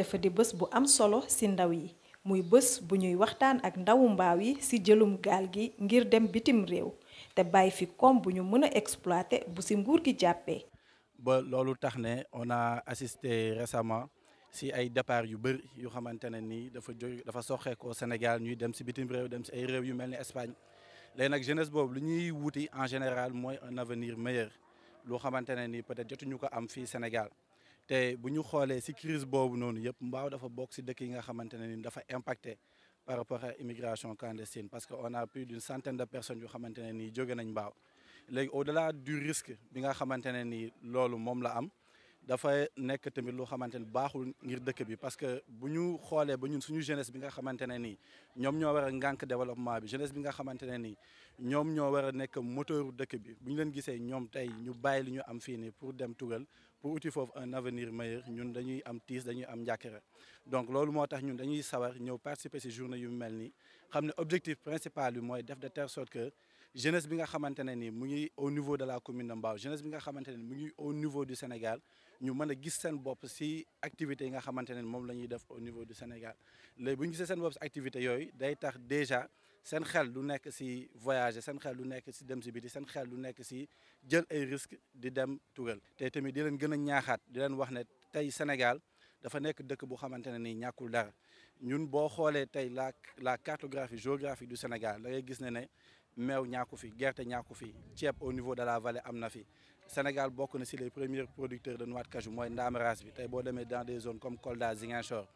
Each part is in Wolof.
dafa di bés bu am solo ci ndaw yi muy bés bu ñuy waxtaan ak ndawu mbaaw yi ci jëlum gaal gi ngir dem bitim réew te bàyyi fi koom bu ñu mën a exploiter bu ci nguur gi jàppee. ba loolu tax ne on a assisté récemment ci ay départ yu bëri yu xamante ne nii dafa jóg dafa soxeekoo Sénégal ñuy dem ci bitim réew dem ci ay réew yu mel ni Espagne léegi nag jeunesse boobu lu ñuy wuti en général mooy un avenir meilleur loo xamante ne nii peut-être jotuñu ko am fii Sénégal. te bu ñu xoolee si crise boobu noonu yëpp mbaaw dafa bokk si dëkk yi nga xamante ne ni dafa impacté par rapport à immigration clandestine parce que on a plus d'une centaine de personnes yu xamante nii jóge nañ Mbao léegi au delà du risque bi nga xamante ne nii loolu moom la am dafa nekk tamit loo xamante ne baaxul ngir dëkk bi parce que bu ñu xoolee ba ñun suñu jeunesse bi nga xamante ne nii ñoom ñoo war a ngànk développement bi jeunesse bi nga xamante ne nii ñoom ñoo war a nekk dëkk bi bu ñu leen gisee ñoom tey ñu bàyyi li ñu am fii nii pour dem tugal pour uti foofu un avenir meilleur ñun dañuy am tiis dañuy am njàkkara donc loolu moo tax ñun dañuy sawar ñëw participer ci journée yu mel ni xam ne objectif principal bi mooy def de telle sorte que jeunesse bi nga xamante ne ni mu ngi au niveau de la commune de Mbao jeunesse bi nga xamante ne mu ngi au niveau du Sénégal ñu mën a gis seen bopp si activité yi nga xamante ne moom la ñuy def au niveau du Sénégal léegi bu ñu gisee seen bopp ci activités yooyu day tax déjà seen xel du nekk si voyager seen xel du nekk si dem si biti seen xel du nekk si jël ay risque di dem tugal te tamit di leen gën a ñaaxaat di leen wax ne tey Sénégal dafa nekk dëkk bu xamante ne nii ñàkkul dara ñun boo xoolee tey la la cartographie géographique du Sénégal da ngay gis ne ne meew ñàkku fi gerte ñàkku fi ceeb au niveau de la vallée am na fi Sénégal bokk na si les premiers producteurs de noix de cajou mooy ndaamaraas bi tey boo demee dans des zones comme Kolda Ziguinchor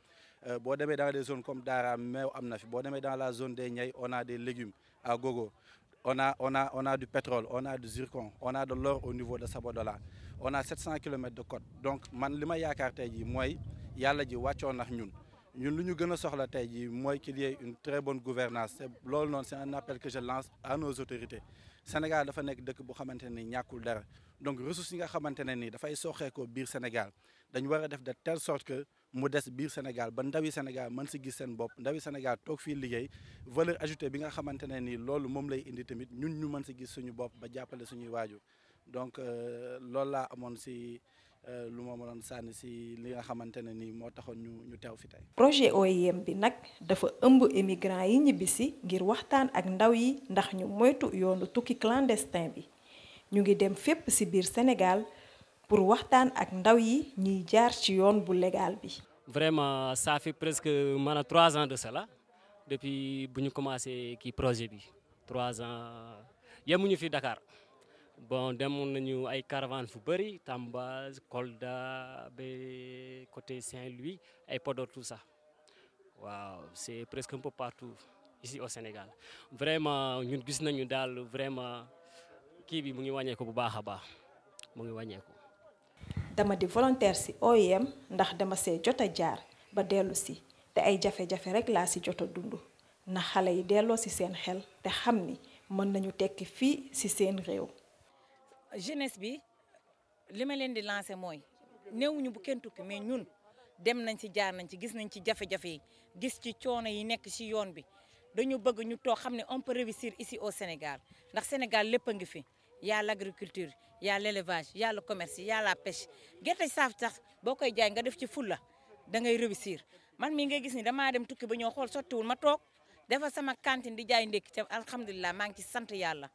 Euh, boo demee dans des zones comme Daara zone des Niayes on a des légumes à gogo on a on on a du pétrole on du zircon on a de au niveau de Sabodola on a 700 kilomètres de côte donc man lima ma yaakaar tey jii mooy yàlla ji wàccoo nax ñun. ñun lu ñu gën a soxla tey jii mooy qu'il une très bonne gouvernance c'est loolu noonu c'est un appel que je lance à nos autorités Sénégal dafa nekk dëkk bu xamante ni ñàkkul dara donc ressources yi nga xamante ne ni dafay soxeekoo biir Sénégal dañu war de mu des biir Sénégal ba ndawi Sénégal mën si gis seen bopp ndawi Sénégal toog fii liggéey valeur ajoutée bi nga xamante ne nii loolu moom lay indi tamit ñun ñu mën si gis suñu bopp ba jàppale suñuy waajur donc euh, loolu laa amoon si euh, lu ma mënoon sànni si li nga xamante ne nii moo taxoon ñu ñu teew fi tey. projet OIM bi nag dafa ëmb émigrants yi ñibbi si ngir waxtaan ak ndaw yi ndax ñu moytu yoonu tukki clandestin bi ñu ngi dem fépp si biir Sénégal. pour waxtaan ak ndaw yi ñuy jaar ci yoon bu légal bi. vraiment ça fait presque maanaam trois ans de cela depuis bu ñu commencé kii projet bi trois ans yemuñu fi Dakar bon demoon nañu ay caravane fu bëri Tamba Kolda ba côté Saint-Louis ay Podor tout ça waaw c'est presque un peu partout ici au Sénégal vraiment ñun gis nañu daal vraiment kii bi mu ngi wàññeeku bu baax a baax mu ngi wàññeeku. dama di volontaire si OIM ndax dama see jot a jaar ba dellu si te ay jafe-jafe rek laa si jot a dund na xale yi delloo si seen xel te xam ni mën nañu tekki fii si seen réew. jeunesse bi li ma leen di lancé mooy néewuñu bu kenn tukki mais ñun dem nañ ci jaar nañ ci gis nañ ci jafe-jafe yi gis ci coono yi nekk ci yoon bi dañu bëgg ñu toog xam ne on peut réussir au Sénégal ndax Sénégal lépp a ngi fi y a l'agriculture y a l'élevage y a commerce y la pêche gerte saaf sax boo koy jaay nga def ci fulla da ngay réussir man mii ngay gis ni damaa dem tukki ba ñoo xool sottiwul ma toog defa sama cantine di jaay ndékki te alhamdulilah maa ngi ci sant yàlla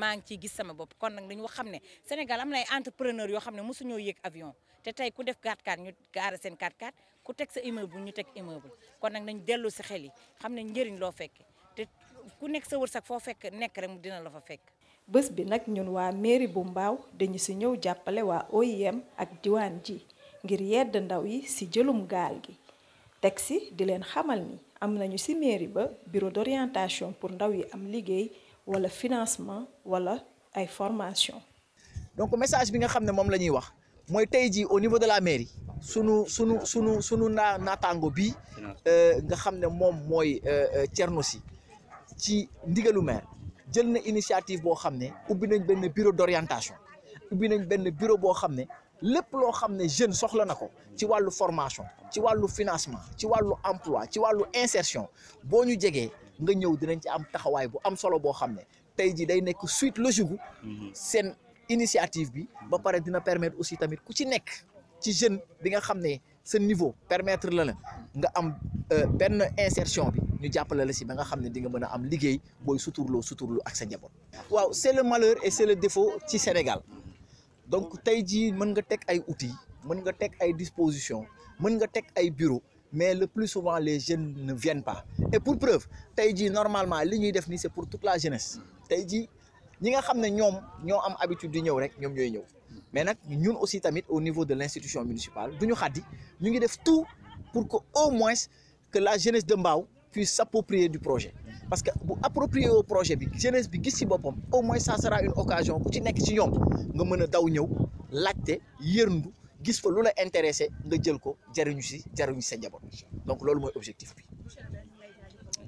maa ngi ciy gis sama bopp kon nag dañu xam ne Sénégal am na ay entrepreneur yoo xam ne mosuñoo yéeg avion te tey ku def 4 x ñu gaare seen 4 x ku teg sa immeuble ñu teg immeuble kon nag nañ dellu si xel yi xam ne njëriñ loo fekk te ku nekk sa wërsëg foo fekk nekk rek dina la fa fekk bés bi nag ñun waa mairie bu mbaaw dañu si ñëw jàppale waa OIM ak diwaan ji ngir yedd ndaw yi si jëlum gaal gi teg si di leen xamal ni am nañu si mairie ba bureau d'orientation pour ndaw yi am liggéey wala financement wala ay formation donc message bi nga xam ne moom la ñuy wax mooy tey jii au niveau de la mairie sunu sunu sunu sunu naa naataango bii euh, nga xam ne moom mooy euh, euh, Thierno Sy ci ndigalu maire jël na initiative boo xam ne ubbi nañ benn bureau d'orientation ubbi nañ benn bureau boo xam ne lépp loo xam ne jeune soxla na ko ci wàllu formation ci wàllu financement ci wàllu emploi ci wàllu insertion boo ñu jegee nga ñëw dinañ ci am taxawaay bu am solo boo xam ne tey jii day nekk suite logique mhm. seen initiative bi ba pare dina permettre aussi tamit ku ci nekk ci jeune bi nga xam ne seen niveau permettre la na nga am euh, benn insertion bi ñu jàppale la si ba nga xam ne di nga mën a am liggéey booy suturloo suturlu ak sa njaboot. waaw c'est le malheur et c'est le ci Sénégal donc tey jii mën nga teg ay outils mën nga teg ay dispositions mën nga teg ay bureaux mais le plus souvent les jeunes ne viennent pas et pour preuve tey jii normalement li ñuy def nii c'est pour toute la jeunesse tey jii ñi nga xam ne ñoom ñoo am habitude di ñëw rek ñoom ñooy ñëw mais nag ñun aussi tamit au niveau de l'institution municipale du ñu xaddi ñu ngi def tout pour que au moins que la jeunesse de Mbao puisse s'approprier du projet parce que bu approprier au projet bi jeunesse bi gis ci boppam au moins ça sera une occasion ku ci nekk ci ñoom nga mën a daw ñëw laajte yërndu gis fa lu la intéressé nga jël ko jariñu si jariñu sa njaboot donc loolu mooy objectif bi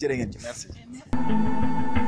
jërë ngeen jëf merci